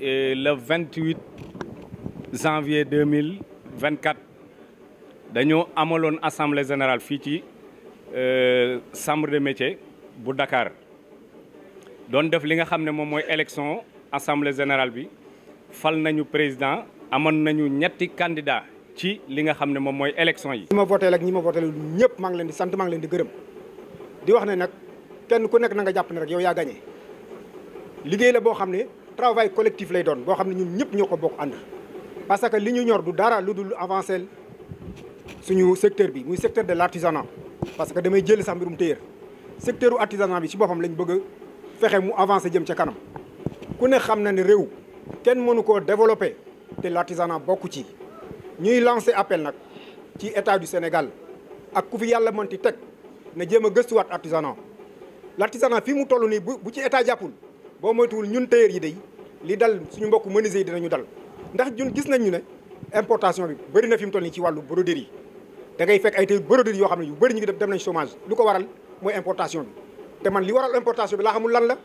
le vingt-huit janvier deux mille vingt-quatre dañoo amaloon assemblée générale fii ci euh, chambre de métier bu Dakar doon def li nga xam ne moom mooy élection assemblée générale bi fal nañu président amoon nañu ñetti candidat ci li nga xam ne moom mooy élection yi. ñi ma voté ak ñi ma voté ñëpp maa ngi leen di sant maa ngi leen di gërëm di wax ne nag. kenn ku nekk na nga jàpp ne rek yow yaa gagné liggéey la boo xam ne travail collectif lay doon boo xam ne ñun ñëpp ñoo ko bokk ànd. parce que li ñu ñor du dara lu dul avancer suñu secteur bi muy secteur de l' artisanat parce que damay jël sax mbirum téyër secteur u artisanat bi ci boppam lañu bëgg fexe mu avance jëm ca kanam ku ne xam na ne réew kenn mënu ko développer te l' artisanat bokku ci ñuy lancer appel nag ci état du Sénégal ak ku fi yàlla mënti teg na jéem a gëstuwaat artisanat l'artisanat fii mu toll nii bu bu ci état jàppul boo moytuwul ñun tailleur yi day li dal suñu mbokk menuisier yi dinañu dal ndax ñun gis nañ ñu ne importation bi bëri na fi mu toll nii ci wàllu broderie yi da ngay fekk ay tailleur broderie yoo xam ne yu bëri ñu ngi dem nañ chômage lu ko waral mooy importation bi te man li waral importation bi laa xamul lan la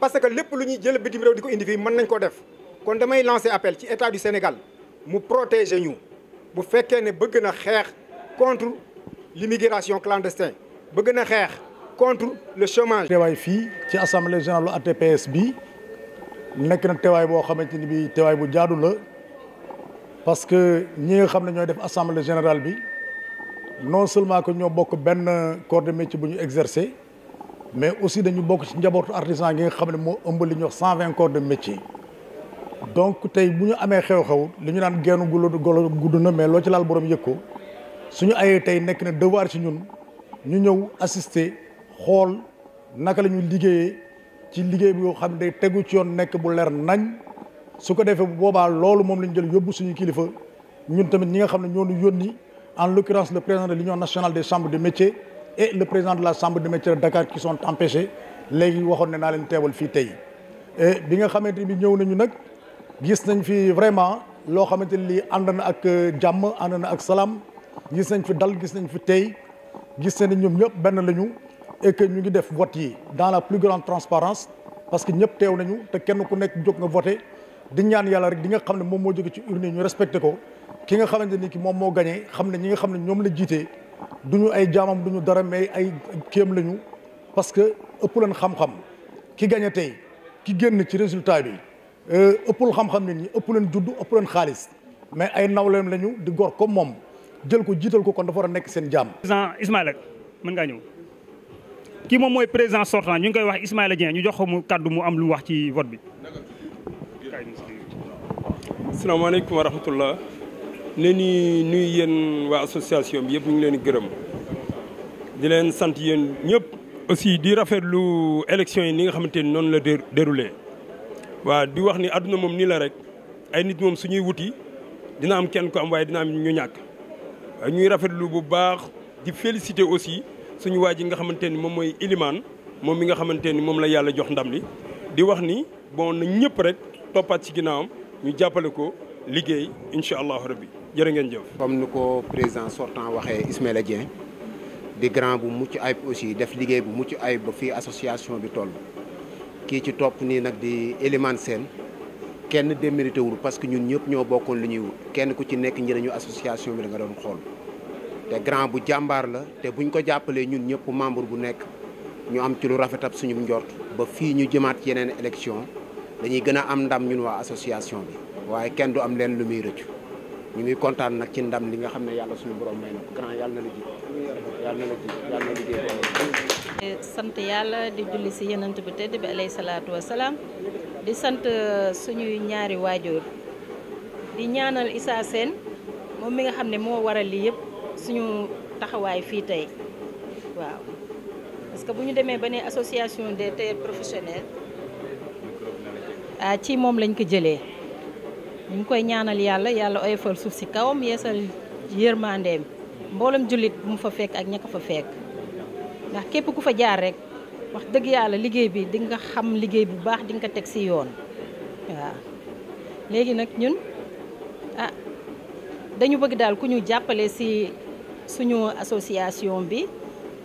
parce que lépp lu ñuy jël bitim réew di ko indi fii mën nañ ko def kon damay lancer appel ci état du mu protéger ñu bu fekkee ne bëgg na xeex contre l'immigration clandestine bëgg na xeex contre le chômage. teewaay fii ci assemblée générale ATPS bi nekk na teewaay boo xamante ni bii teewaay bu jaadu la parce que ñi nga xam ne ñooy def assemblée général bi non seulement que ñoo bokk benn corps de métier bu ñu exercer mais aussi dañu bokk ci njabootu artisan gi nga xam ne moo ëmb li ñuy wax cent vingt corps de métier. donc tey bu ñu amee xew-xew li ñu naan geenu golo golo gudd na mais loo ci laal borom yëg ko su ñu ayee tey nekk na devoir ci ñun ñu ñëw assister. xool naka la ñuy liggéeyee ci liggéey bi yoo xam ne tegu ci yoon nekk bu leer nañ su ko defee bu boobaa loolu moom la ñu jël yóbbu suñu kilifa ñun tamit ñi nga xam ne ñoo ñu yónni en l'occurrence le président de l'union nationale des chambres de métiers et le président de la chambre de métiers de Dakar qui sont empêchés léegi waxoon ne naa leen teewal fii tey et eh, bi nga xamante ni ñëw nañu nag gis nañ fi vraiment loo xamante ni lii ànd na ak euh, jàmm ànd na ak salaam gis nañ fi dal gis nañ fi tey gis nañ ñoom ñëpp benn lañu. et que ñu ngi def vote yi dans la plus grande transparence parce que ñëpp teew nañu te kenn ku nekk jog nga voté di ñaan yàlla rek di nga xam ne moom moo jóge ci urne ñu respecté ko ki nga xamante ni ki moom moo gagné xam ne ñi nga xam ne ñoom la jiitee du ñu ay jaamam du ñu dara mais ay kéem lañu parce que ëpp leen xam-xam ki gagné tey ki génn ci résultat bi euh, ëppul xam-xam nit ñi ëpp leen judd ëpp leen xaalis mais ay nawleem lañu di gor comme moom jël ko jiital ko kon dafa nekk seen jaam. président Ismaïla mën ngaa ñëw. kii moom mooy président sortant ñu ngi koy wax Ismaïla Dieng ñu jox ko mu kàddu mu am lu wax ci vote bi. asalaamaaleykum wa rahmatullah ne ni nuyu yéen waa association bi yëpp ñu ngi leen gërëm di leen sant yéen ñëpp. aussi di rafetlu élection yi ni nga xamante ni noonu la déroulé waaw di wax ni àdduna moom nii la rek ay nit moom suñuy wuti dina am kenn ko am waaye dina am ñu ñàkk ñuy rafetlu bu baax di félicité aussi. suñu waa ji nga xamante ni moom mooy ilimaan moom mi nga xamante ni moom la yàlla jox ndam li di wax ni bon na ñëpp rek toppaat ci ginnaawam ñu jàppale ko liggéey incha allahu rabbi jërë ngeen jëf. comme ni ko président sortant waxee Ismaïla Dieng di grand bu mucc ayib aussi def liggéey bu mucc ayib ba fii association bi toll kii ci topp nii nag di Elimane Sène kenn démérité wul parce que ñun ñëpp ñoo bokkoon li ñuy kenn ku ci nekk njëriñu association bi da nga doon xool. te grand bu jàmbaar la te buñ ko jàppalee ñun ñëpp membre bu nekk ñu am ci lu rafet ab suñu njort ba fii ñu jëmaat yeneen élection dañuy gën a am ndam ñun waa association bi waaye kenn du am leen lu muy rëccu ñu ngi kontaan nag ci ndam li nga xam ne yàlla suñu borom may na ko grand yàlla na la yàlla eh, sant yàlla di julli si yenant bi tedd bi alayhi salaatu wasalaam di sant eh, suñuy ñaari waajur di ñaanal Issa moom mi nga xam ne moo waral lii yëpp suñu taxawaay fii tey waaw parce que bu ñu demee ba ne association des tailleurs professionnels ah ci moom lañ ko jëlee ñu koy ñaanal yàlla yàlla oyofal suuf si kawam yeesal yërmandeem mboolem jullit bu mu fa fekk ak ña ko fa fekk ndax képp ku fa jaar rek wax dëgg yàlla liggéey bi di nga xam liggéey bu baax dinga ko teg si yoon waaw léegi nag ñun ah dañu bëgg daal ku ñu jàppale si suñu association bi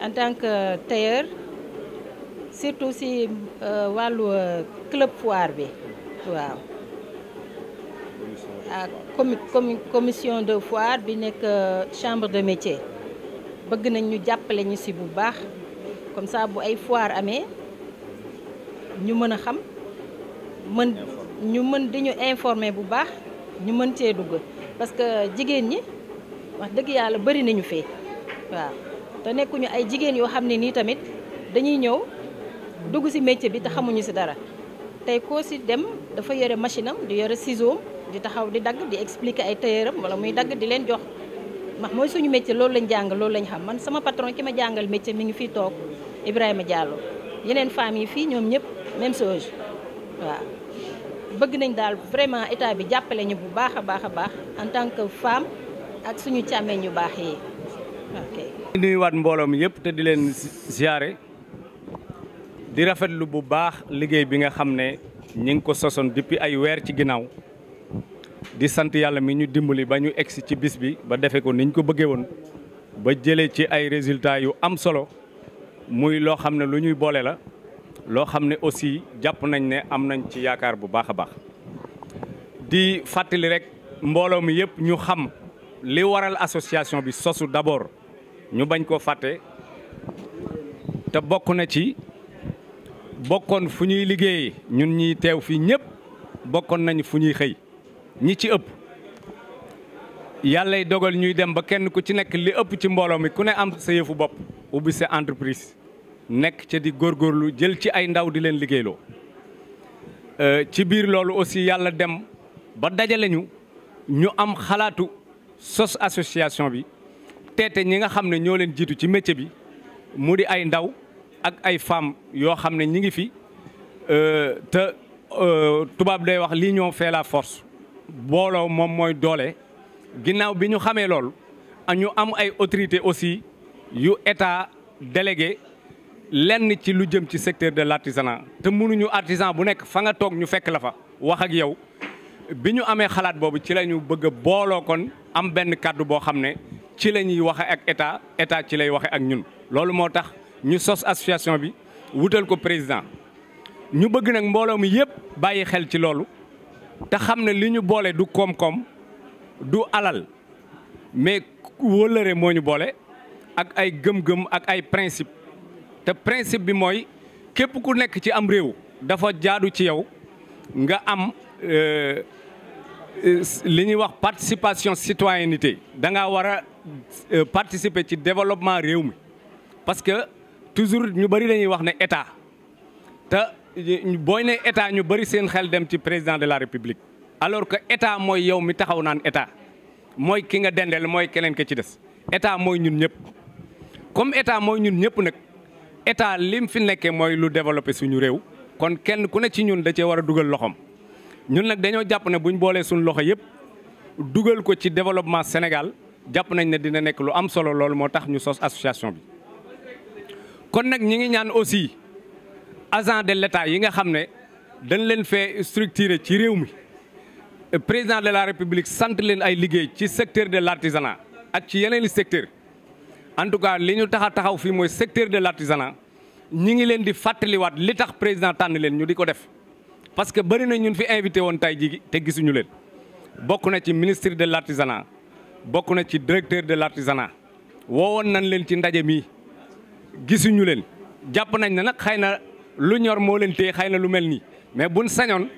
en tant que tailleur surtout si euh, wàllu euh, club foire bi waaw ah comi commission de foire bi nekk euh, chambre de métier bëgg nañ ñu jàppale ñu si bu baax comme ça bu ay foire amee ñu mën a xam mën ñu mën di ñu informer bu baax ñu mën cee dugg parce jigéen ñi wax dëgg yàlla bëri nañu fee waaw te nekkuñu ay jigéen yoo xam ne nii tamit dañuy ñëw dugg ci métier bi te xamuñu ci dara tey koo ci dem dafa yore machine am di yore ciseau di taxaw di dagg di expliquer ay tailleuram walla muy dagg di leen jox ndax mooy suñu métier loolu lañ jàng loolu lañ xam man sama patron ki ma jàngal métier mi ngi fii toog Ibrahima Diallo yeneen femmes yi fii ñoom ñëpp même chose waaw bëgg nañ daal vraiment état bi jàppale ñu bu baax a baax a baax en tant que femme ak suñu càmmeñ yu baax mbooloo mi yëpp te di leen ziare di rafetlu bu baax liggéey bi nga xam ne ñi ngi ko sosoon depuis ay weer ci ginnaaw di sant yàlla mi ñu dimbali ba ñu egsi ci bis bi ba defee ko niñ ko bëggee woon ba jëlee ci ay résultats yu am solo muy loo xam ne lu ñuy boole la loo xam ne aussi jàpp nañ ne am nañ ci yaakaar bu baax a baax di fàttali rek mbooloo mi yëpp ñu xam li waral association bi sosu d'abord ñu bañ koo fàtte te bokk na ci bokkoon fu ñuy liggéeye ñun ñiy teew fii ñëpp bokkoon nañu fu ñuy xëy ñi ci ëpp yàllay dogal ñuy dem ba kenn ku ci nekk li ëpp ci mbooloo mi ku ne am sa yëfu bopp ubbi sa entreprise nekk ce di góorgóorlu jël ci ay ndaw di leen liggéeyloo euh, ci biir loolu aussi yàlla dem ba dajale ñu ñu am xalaatu sos association bi teete ñi nga xam ne ñoo leen jiitu ci métier bi mu di ay ndaw ak ay femmes yoo xam ne ñi ngi fi euh, te euh, tubaab day wax l'union fait la force booloo moom mooy doole ginnaaw bi ñu xamee loolu ñu am ay autorités aussi yu état délégué lenn ci lu jëm ci secteur de l'artisanat te munuñu artisan bu nekk fa nga toog ñu fekk la fa wax ak yow bi ñu amee xalaat boobu ci la ñu bëgg a booloo kon am benn kàddu boo xam ne ci la ñuy waxe ak état état ci lay waxe ak ñun loolu moo tax ñu sos association bi wutal ko président ñu bëgg nag mbooloo mi yëpp bàyyi xel ci loolu te xam ne li ñu boole du koom-koom du alal mais wóllëre moo ñu boole ak ay gëm-gëm ak ay principe te principe bi mooy képp ku nekk ci am réew dafa jaadu ci yow nga am euh, Euh, li ñuy wax participation citoyenneté da ngaa war a euh, participer ci développement réew mi parce que toujours ñu bëri lañuy wax ne état te booy ne état ñu bëri seen xel dem ci président de la république alors que état mooy yow mi taxaw naan état mooy ki nga dendeel mooy keneen ki ci des état mooy ñun ñëpp comme état mooy ñun ñëpp nag état lim fi nekkee mooy lu développé suñu réew kon kenn ku ne ci ñun da cee war a dugal loxoom ñun nag dañoo jàpp ne buñ boolee suñu loxo yëpp dugal ko ci développement Sénégal jàpp nañ ne dina nekk lu am solo loolu moo tax ñu sos association bi. kon nag ñi ngi ñaan aussi agent de l'État yi nga xam ne dañ leen fee structuré ci réew mi président de la République sant leen ay liggéey ci secteur de l'artisanat ak ci yeneen secteur en tout cas li ñu tax a taxaw fii mooy secteur de l'artisanat ñi ngi leen di fàttaliwaat li tax président tànn leen ñu di ko def. parce que bëri na ñun fi invité woon tay jigi te gisuñu leen bokku na ci ministre de l' artisanat bokk na ci directeur de l' artisanat woowoon nañ leen ci ndaje mi gisuñu leen jàpp nañ ne nag xëy na lu ñor moo leen téye xëy na lu mel nii mais bun sañoon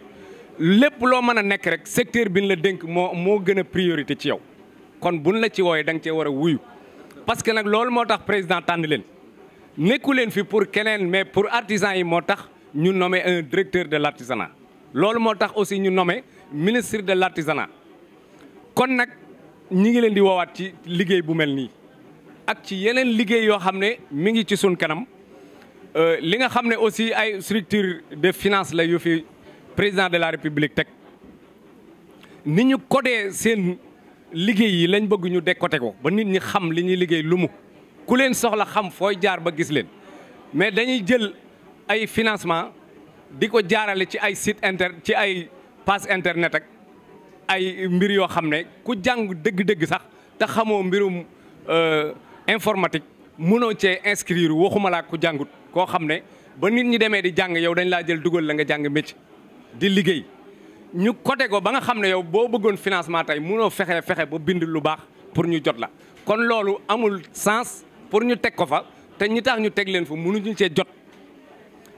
lépp loo mën a nekk rek secteur bi ñu la dénk moo moo gën a priorité ci yow kon buñ la ci wooyee da nga cee war a wuyu parce que nag loolu moo tax président tànn leen nekku leen fi pour keneen mais pour artisan yi moo tax ñu nommé un directeur de l'artisanat loolu moo tax aussi ñu nommé ministre de l'artisanat kon nag ñi ngi leen di woowaat ci liggéey bu mel nii ak ci yeneen liggéey yoo xam ne mi ngi ci sun kanam euh, li nga xam ne aussi ay structure de finance la yu fi président de la république teg ni ñu codé seen liggéey yi lañ bëgg ñu décoté ko ba nit ñi xam li ñuy liggéey lu mu ku leen soxla xam fooy jaar ba gis leen mais dañuy jël ay financement di ko jaarale ci ay site inter ci ay passe internet ak ay mbir yoo xam ne ku jàng dëgg-dëgg sax te xamoo mbirum euh, informatique munoo cee inscrire waxuma laa ku jàngut koo xam ne ba nit ñi demee di jàng yow dañ laa jël dugal la nga jàng métier di liggéey ñu côté ko ba nga xam ne yow boo bëggoon financement tey mënoo fexe fexe ba bind lu baax pour ñu jot la kon loolu amul sens pour ñu teg ko fa te ñi tax ñu teg leen fa mënuñu cee jot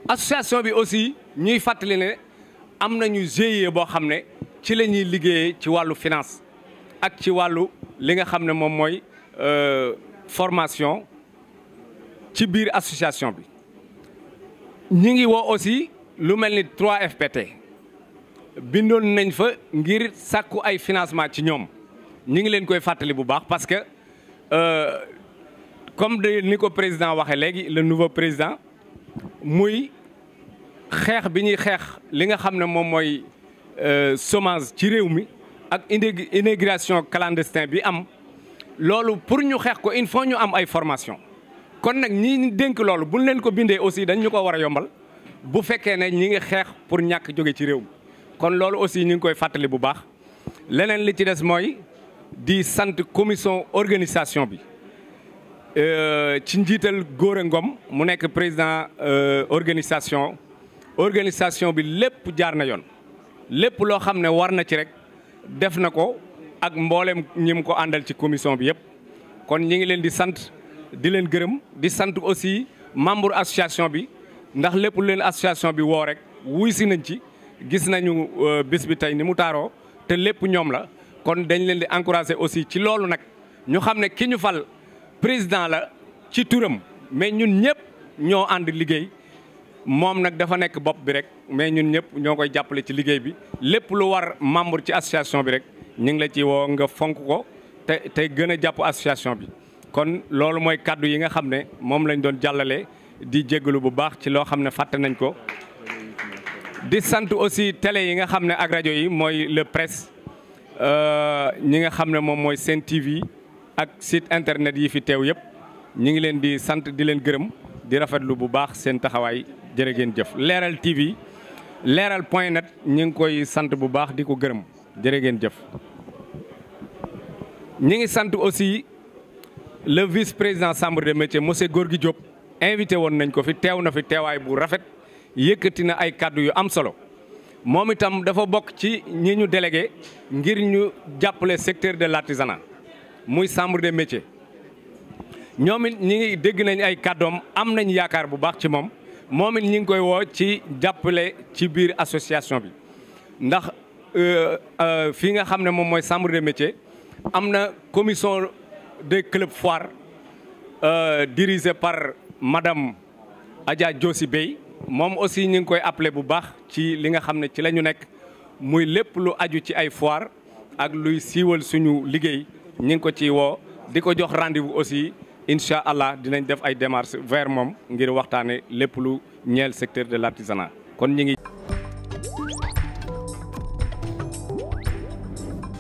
association bi aussi ñuy fàttali ne am nañu GIE boo xam ne ci la ñuy liggéeyee ci wàllu finance ak ci wàllu li nga xam ne moom mooy euh, formation ci biir association bi ñi ngi woo aussi lu mel ni 3FPT bindoon nañ fa ngir sàkku ay financement ci ñoom ñi ngi leen koy fàttali bu baax parce que euh, comme de ni ko président waxee léegi le nouveau président muy xeex bi ñuy xeex li nga xam ne moom mooy euh, chômage ci réew mi ak immigration clandestin bi am loolu pour ñu xeex ko il faut ñu am ay formation kon nag ñi dénk loolu buñ leen ko bindee aussi dañ ñu ko war a yombal bu fekkee ne ñi ngi xeex pour ñàkk jóge ci réew mi kon loolu aussi ñu ngi koy fàttali bu baax leneen li ci des mooy di sant commission organisation bi Euh, ci njiital Gora ngoom mu nekk président euh, organisation organisation bi lépp jaar na yoon lépp loo xam ne war na ci rek def na ko ak mboolem ñi ko àndal ci commission bi yëpp kon ñi ngi leen di sant di leen gërëm di sant aussi membre association bi ndax lépp leen association bi woo rek wuy si nañ ci gis nañu euh, bis bi tey ni mu taaroo te lépp ñoom la kon dañ leen di encourager aussi ci loolu nag ñu xam ne ki ñu fal président la ci turam mais ñun ñëpp ñoo ànd liggéey moom nag dafa nekk bopp bi rek mais ñun ñëpp ñoo koy jàppale ci liggéey bi lépp lu war membre ci association bi rek ñu ngi la ci woo nga fonk ko te tey gën a jàpp association bi. kon loolu mooy kàddu yi nga xam ne moom lañ doon jàllale di jéggalu bu baax ci loo xam ne fàtte nañ ko di sant aussi télé yi nga xam ne ak rajo yi mooy le presse euh, ñi nga xam ne moom mooy Sen TV. ak site internet yi fi teew yëpp ñu ngi leen di sant di leen gërëm di rafetlu bu baax seen taxawaay jërë ngeen jëf leeral TV leeral point net ñu ngi koy sant bu baax di ko gërëm jërë ngeen jëf. ñu ngi sant aussi le vice président chambre de métier monsieur Gorgui Diop invité woon nañ ko fi teew na fi teewaay bu rafet yëkkati na ay kàddu yu am solo moom itam dafa bokk ci ñi ñu délégué ngir ñu jàppale secteur de l'artisanat muy chambre des métiers ñoom it ñi ngi dégg nañ ay kàddoom am nañ yaakaar bu baax ci moom moom it ñi ngi koy woo ci jàppale ci biir association bi ndax euh, euh, fii nga xam ne moom mooy chambre de métiers am na commission des clubs foire euh, dirigée par madame Adja Diossi Bey moom aussi ñi ngi koy appelé bu baax ci li nga xam ne ci la ñu nekk muy lépp lu aju ci ay foire ak luy siiwal suñu liggéey ñi ngi ko ci woo di ko jox rendez-vous aussi incha allah dinañ def ay démarché vers moom ngir waxtaane lépp lu ñeel secteur de l'artisanat kon ñi